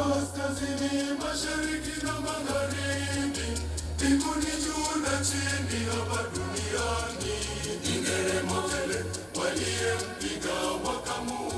kaskazini, mashariki na magharibi, mbinguni juu na chini, hapa duniani, ni tele waliyempiga wakamu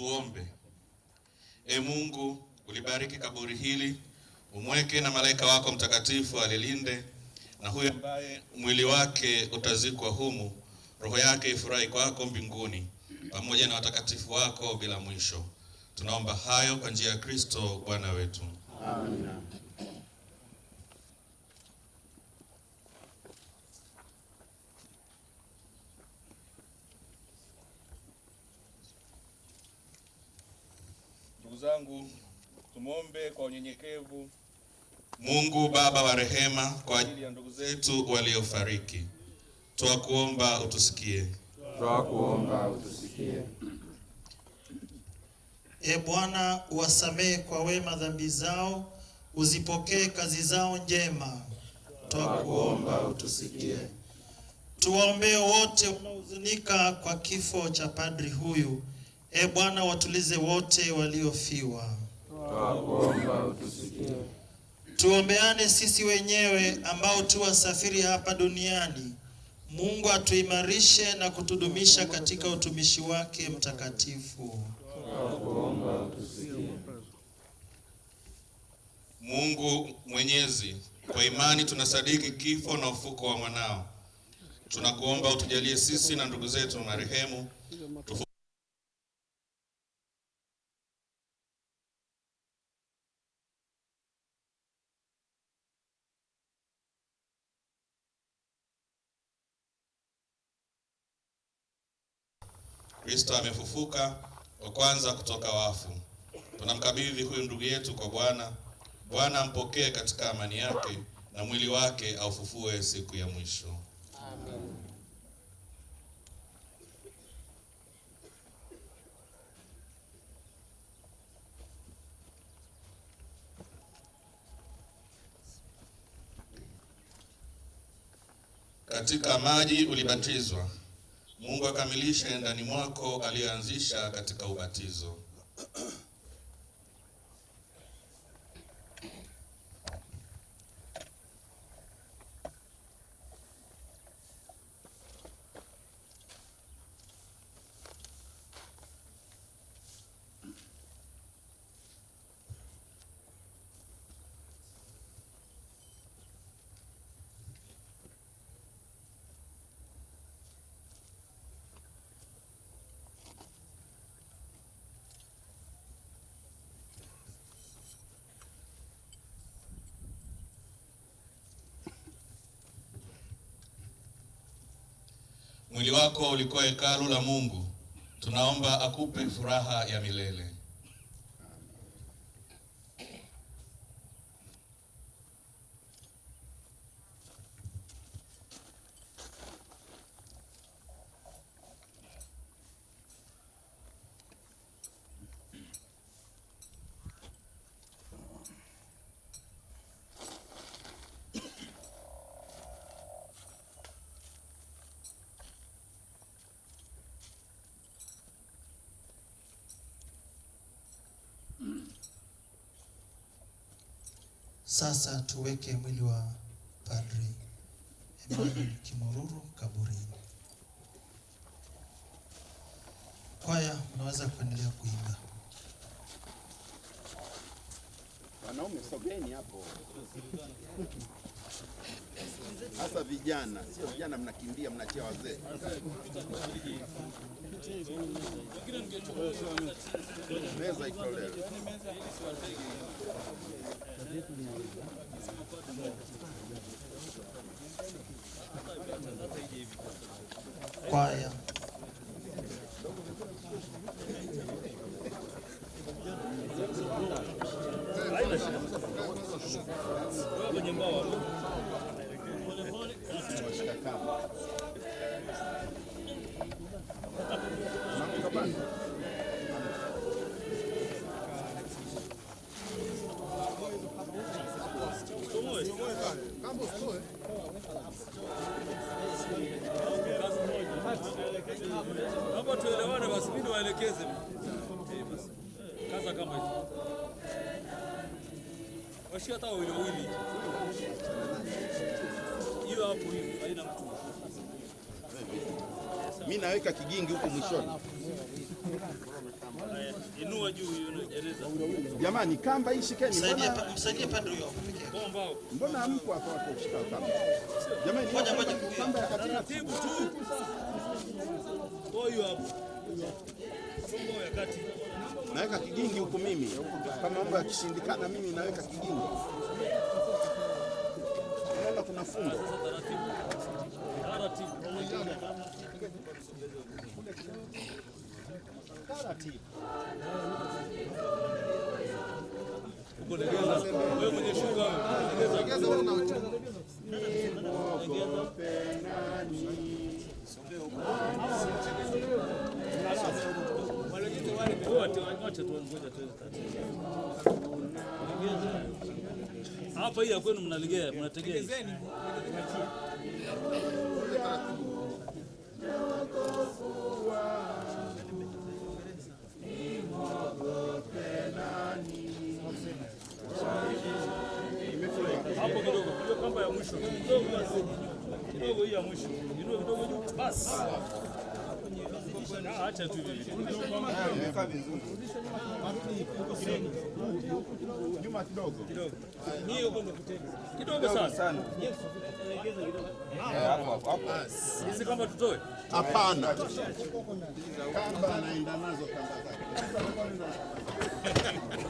Tuombe. E Mungu, ulibariki kaburi hili, umweke na malaika wako mtakatifu alilinde, na huyo ambaye mwili wake utazikwa humu, roho yake ifurahi kwako mbinguni, pamoja na watakatifu wako bila mwisho. Tunaomba hayo kwa njia ya Kristo Bwana wetu. Amina. zangu, tumwombe kwa unyenyekevu Mungu Baba wa rehema kwa ajili ya ndugu zetu waliofariki. Twakuomba utusikie. Twakuomba utusikie. E Bwana, uwasamehe kwa wema dhambi zao, uzipokee kazi zao njema. Twakuomba utusikie. Tuwaombee wote wanaohuzunika kwa kifo cha padri huyu E Bwana, watulize wote waliofiwa. Tuomba utusikie. Tuombeane sisi wenyewe ambao tu wasafiri hapa duniani. Mungu atuimarishe na kutudumisha katika utumishi wake mtakatifu. Tuomba utusikie. Mungu Mwenyezi, kwa imani tunasadiki kifo na ufuko wa mwanao. Tunakuomba utujalie sisi na ndugu zetu marehemu Kristo amefufuka wa kwanza kutoka wafu. Tunamkabidhi huyu ndugu yetu kwa Bwana. Bwana ampokee katika amani yake na mwili wake aufufue siku ya mwisho. Amen. Katika maji ulibatizwa Mungu akamilishe ndani mwako aliyoanzisha katika ubatizo. Mwili wako ulikuwa hekalu la Mungu, tunaomba akupe furaha ya milele. Sasa tuweke mwili wa Padri Emmanuel Kimururu kaburini. Kwaya, unaweza kuendelea kuimba. Wanaume sogeni hapo hasa vijana, sio vijana mnakimbia, mnachia wazee. Meza ikolewe kwaya Hapa tuelewane basi, mimi niwaelekeze eh, eh, kaza kama hizo washia hata wawili wawili, hiyo hapo hivi haina mtu. Mimi naweka kigingi huko mwishoni. Inua juu hiyo jamani, kamba hii shikeni. Msaidie, msaidie pande hiyo hapo pekee Mbona mko hapo hapo kushika kamba? Jamani, ngoja ngoja, kamba ya katikati tu. Hiyo hapo. Songo ya kati. Naweka kigingi huko mimi. Kama mambo yakishindikana mimi naweka kigingi. Naona kuna fundo. Taratibu. Taratibu taratibu. Hapa hii ya kwenu mnalegea, mnategea hapo kidogo, kamba tutoe? Hapana, kamba anaenda nazo kamba zake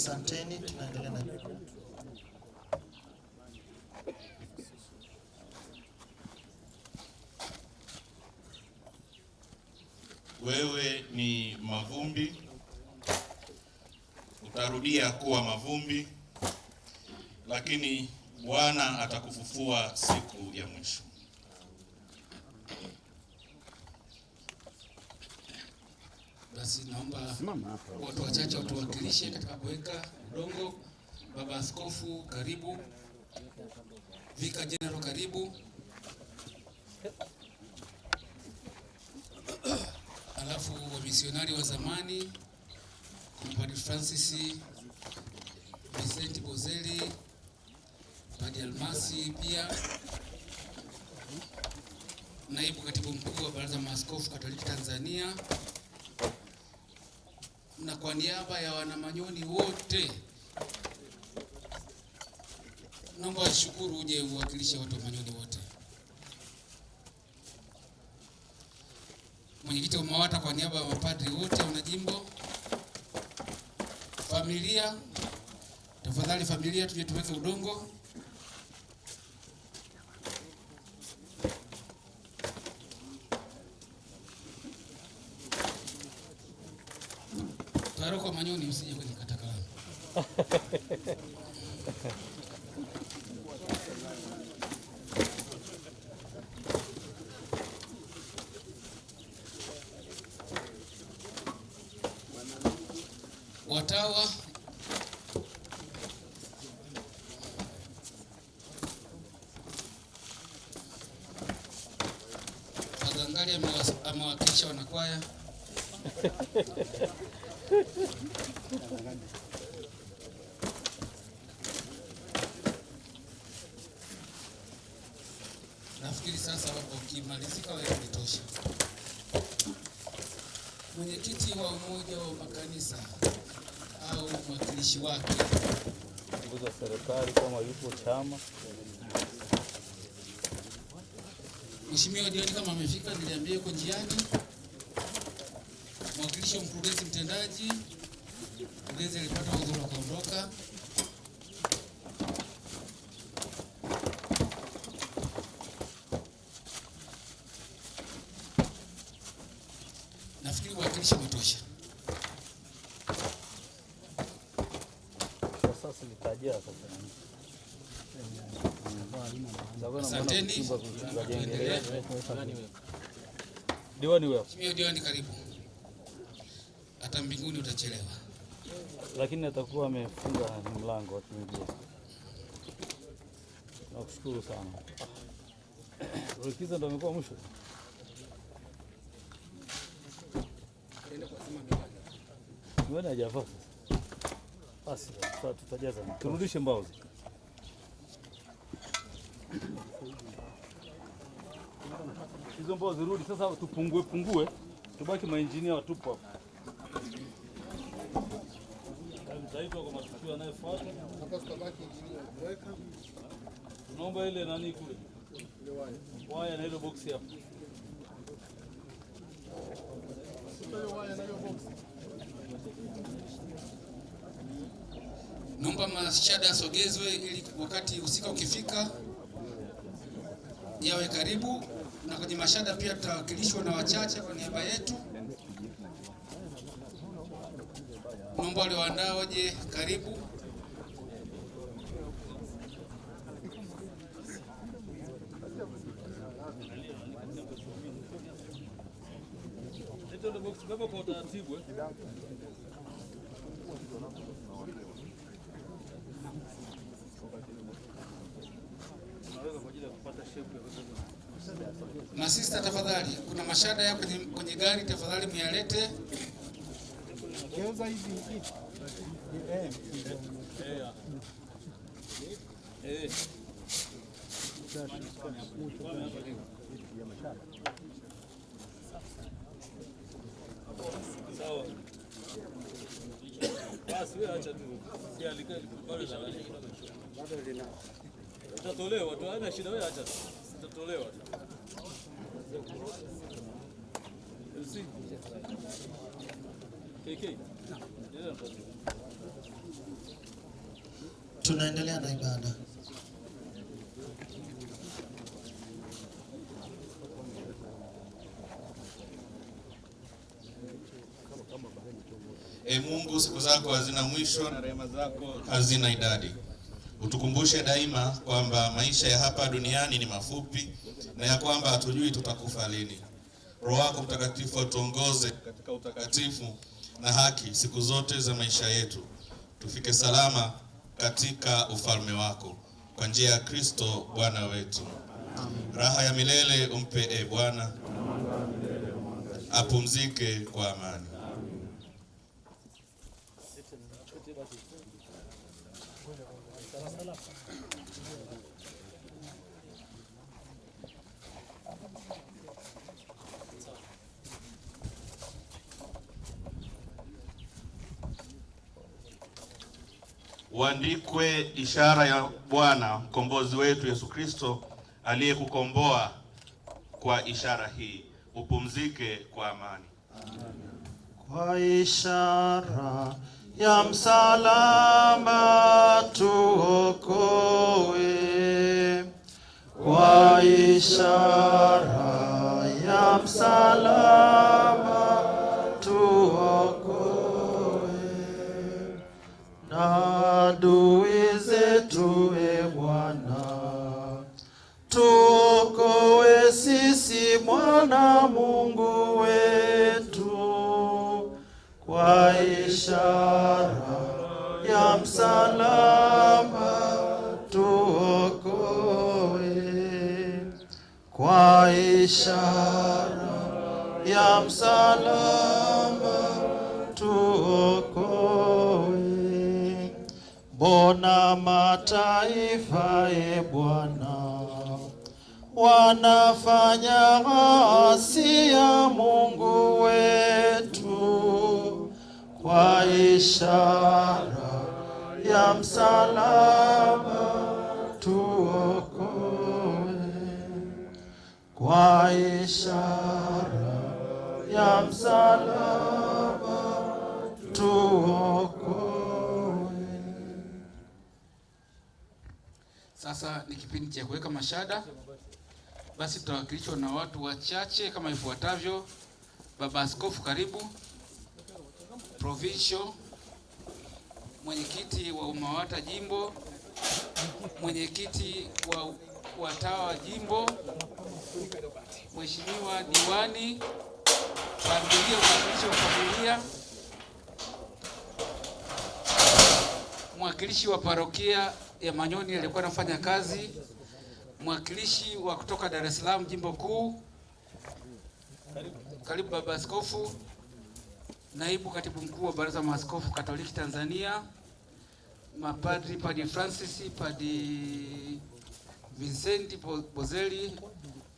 Asanteni, tunaendelea na wewe ni mavumbi, utarudia kuwa mavumbi, lakini Bwana atakufufua si watu wachache watuwakilishe katika kuweka udongo. Baba Askofu karibu, Vika General karibu, alafu wamisionari wa zamani Padre Francis Vincent Bozeli, Padre Almasi pia naibu katibu mkuu wa Baraza Maaskofu Katoliki Tanzania na kwa niaba ya wanamanyoni wote naomba washukuru uje uwakilishe watu wa Manyoni wote. Mwenyekiti wa MAWATA kwa niaba ya mapadri wote wana jimbo, familia, tafadhali familia, tuje tuweke udongo. Taroko Manyoni, usije kwenye katakana. Watawa sasa ukimalizika wewe kitosha. Mwenyekiti wa umoja wa makanisa au mwakilishi wake za serikali kama yupo chama. Mheshimiwa Dioni kama amefika, niliambia yuko njiani. Mwakilishi wa mkurugenzi mtendaji, mkurugenzi alipata udhuru kuondoka Asanteni. Diwani wewe. Mimi diwani karibu. Hata mbinguni utachelewa. Lakini atakuwa amefunga mlango wa kuingia. Nakushukuru sana. Likizo ndio imekuwa mwisho. Mbona hajafaa sasa? Basi tutajaza. Turudishe mbao. Hizo mbao zirudi sasa, tupungue pungue, tubaki mainjinia watupo hapa. Mtaitwa kwa matukio yanayofuata. Tunaomba ile nani kule waya na ile box hapa. Naomba mashada asogezwe ili wakati husika ukifika yawe karibu, na kwenye mashada pia tutawakilishwa na wachache kwa niaba yetu. Naomba walioandaa waje karibu. Na tafadhali, kuna mashada ya kwenye, kwenye gari tafadhali mialete tu, haina shida wewe, acha tu. tu. Tunaendelea na ibada. E Mungu, siku zako hazina mwisho na rehema zako hazina idadi utukumbushe daima kwamba maisha ya hapa duniani ni mafupi na ya kwamba hatujui tutakufa lini. Roho yako Mtakatifu atuongoze katika utakatifu na haki siku zote za maisha yetu, tufike salama katika ufalme wako kwa njia ya Kristo Bwana wetu. Amen. Raha ya milele umpe e Bwana, apumzike kwa amani. Uandikwe ishara ya Bwana mkombozi wetu Yesu Kristo aliyekukomboa kwa ishara hii. Upumzike kwa amani, Amen. Kwa ishara ya msalaba tuokoe, kwa ishara ya msalaba tuokoe, na adui zetu, e Bwana, tuokoe sisi, mwana Mungu wetu kwa ishara ya msalaba tuokoe, kwa ishara ya msalaba tuokoe. Mbona mataifa, e Bwana, wanafanya asi ya Mungu we kwa ishara ya msalaba tuokoe, kwa ishara ya msalaba tuokoe. Sasa ni kipindi cha kuweka mashada, basi tutawakilishwa na watu wachache kama ifuatavyo. Baba Askofu, karibu provincial, mwenyekiti wa umawata jimbo, mwenyekiti wa watawa wa jimbo, mheshimiwa diwani, familia, mwakilishi wa familia, mwakilishi wa parokia ya Manyoni alikuwa anafanya kazi, mwakilishi wa kutoka Dar es Salaam jimbo kuu, karibu baba askofu naibu katibu mkuu wa Baraza Maaskofu Katoliki Tanzania, mapadri padi Francis, padi Vincent Bozeli,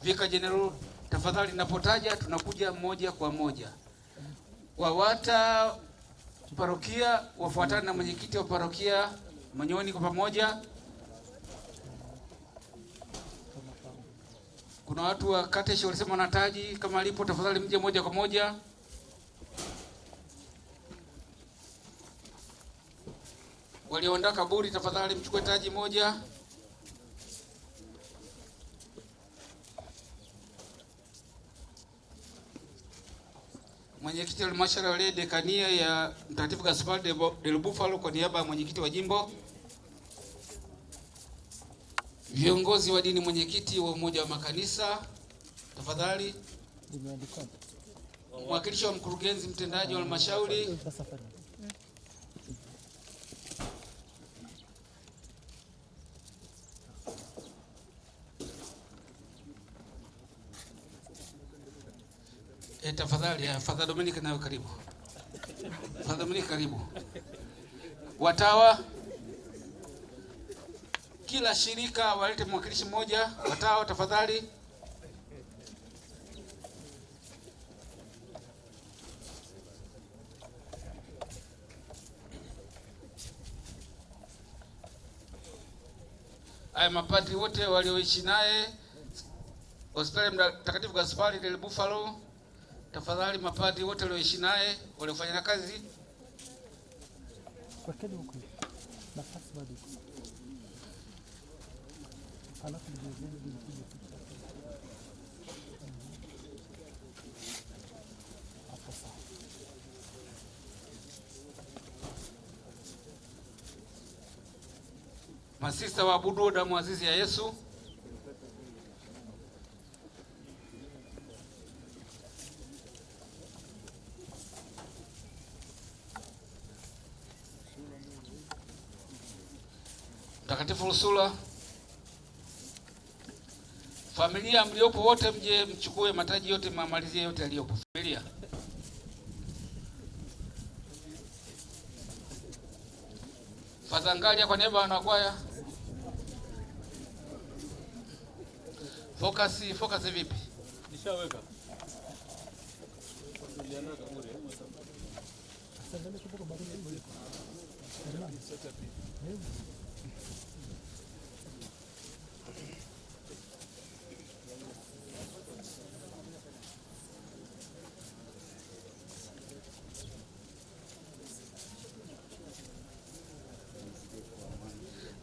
Vika General, tafadhali napotaja tunakuja moja kwa moja. Wawata parokia wafuatana na mwenyekiti wa parokia Manyoni kwa pamoja. Kuna watu wa kata walisema wanataji, kama alipo tafadhali mje moja kwa moja. walioandaa kaburi, tafadhali mchukue taji moja. Mwenyekiti wa halmashauri ya dekania ya Mtakatifu Gaspar del Bufalo kwa niaba ya mwenyekiti wa jimbo, viongozi wa dini, mwenyekiti wa umoja wa makanisa, tafadhali mwakilishi wa mkurugenzi mtendaji wa halmashauri Tafadhali, eh, Father Dominic nawe karibu. Father Dominic karibu. Watawa kila shirika walete mwakilishi mmoja. Watawa tafadhali. Aya, mapadri wote walioishi naye hospitali Mtakatifu Gaspari del Buffalo tafadhali mapadri wote walioishi naye waliofanya na kazi masista waabudu damu azizi ya Yesu. manusura, familia mliopo wote mje mchukue mataji yote mamalizie yote yaliyopo familia. Fazangalia kwa niaba ya wanakwaya, focus focus, vipi? Nishaweka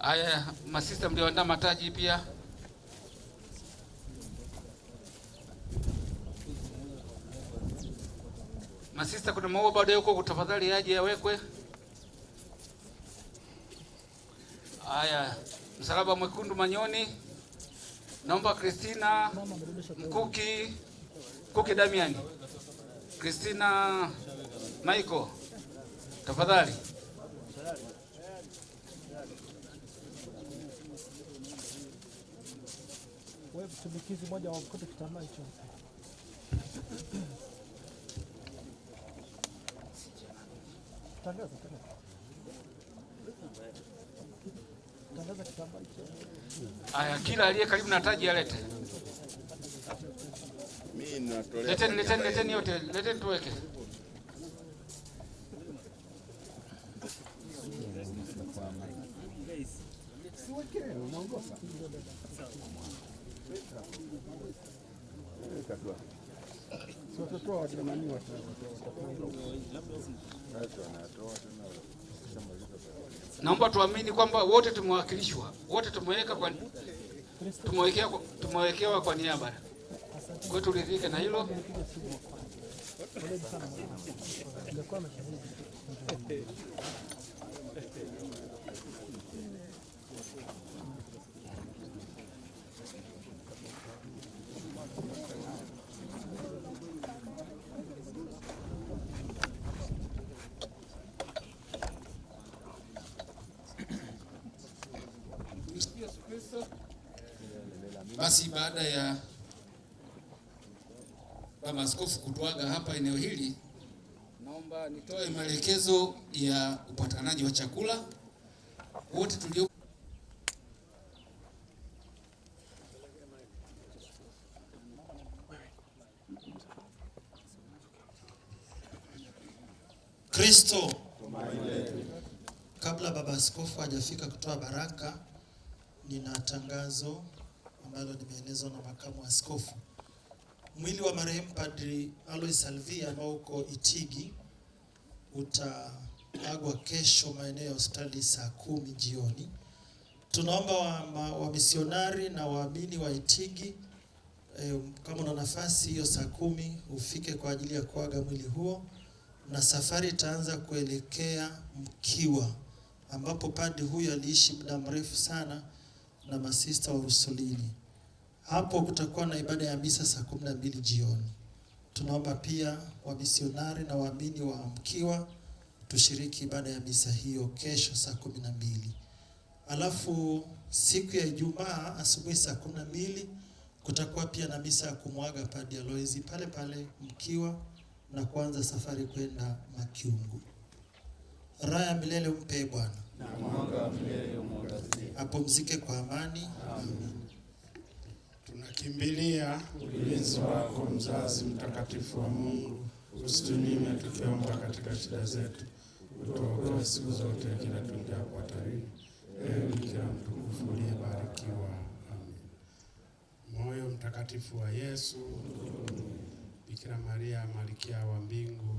Aya, masista mlioandaa mataji pia masista, kuna maua bado yuko kutafadhali, yaje yawekwe. Aya. Msalaba Mwekundu Manyoni, naomba kristina Mkuki Kuki Damian, Kristina Maiko, tafadhali. Aya, kila aliye karibu na taji alete. Mimi natolea. Leteni, leteni, leteni yote, leteni tuweke. Naomba tuamini kwamba wote tumewakilishwa, wote tumeweka kwa tumewekewa tumewekewa kwa niaba. Kwa hiyo na hilo. baada ya kama askofu kutuaga hapa eneo hili, naomba nitoe maelekezo ya upatikanaji wa chakula wote tulio Kristo. Kabla baba askofu hajafika kutoa baraka, nina tangazo ambalo limeelezwa na makamu askofu. Mwili wa marehemu Padri Alois Salvia ambao uko Itigi utaagwa kesho maeneo ya hospitali saa kumi jioni. Tunaomba wamisionari wa na waamini wa Itigi e, kama una nafasi hiyo saa kumi ufike kwa ajili ya kuaga mwili huo, na safari itaanza kuelekea Mkiwa ambapo padri huyo aliishi muda mrefu sana na masista wa Rusulini. Hapo kutakuwa na ibada ya misa saa kumi na mbili jioni. Tunaomba pia wamisionari na waamini wa Amkiwa tushiriki ibada ya misa hiyo kesho saa kumi na mbili. Alafu siku ya Ijumaa asubuhi saa kumi na mbili kutakuwa pia na misa ya kumwaga Padre Aloisi pale pale Mkiwa na kuanza safari kwenda Makiungu. Raha milele umpe Bwana, apumzike kwa amani. Amen. Kimbilia ulinzi wako, mzazi mtakatifu wa Mungu, usitunyime tukiomba katika shida zetu, utuokoe siku zote kila tuingiapo hatarini. Ewe Bikira mtukufu uliyebarikiwa. Amen. Moyo mtakatifu wa Yesu, Bikira Maria malikia wa mbingu,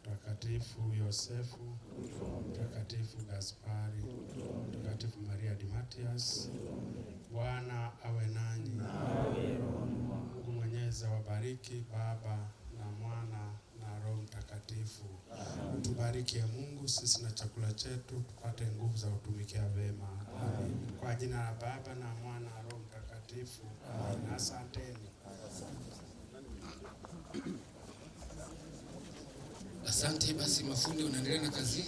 mtakatifu Yosefu, mtakatifu Gaspari, mtakatifu Maria Dimatias Bwana awe nanyi. Mungu Mwenyezi awabariki Baba na Mwana na Roho Mtakatifu. tubariki ya Mungu sisi na chakula chetu, tupate nguvu za kutumikia vema. Amen. Kwa jina la Baba na Mwana na Roho Mtakatifu. Asanteni. Asante basi, mafundi unaendelea na kazi.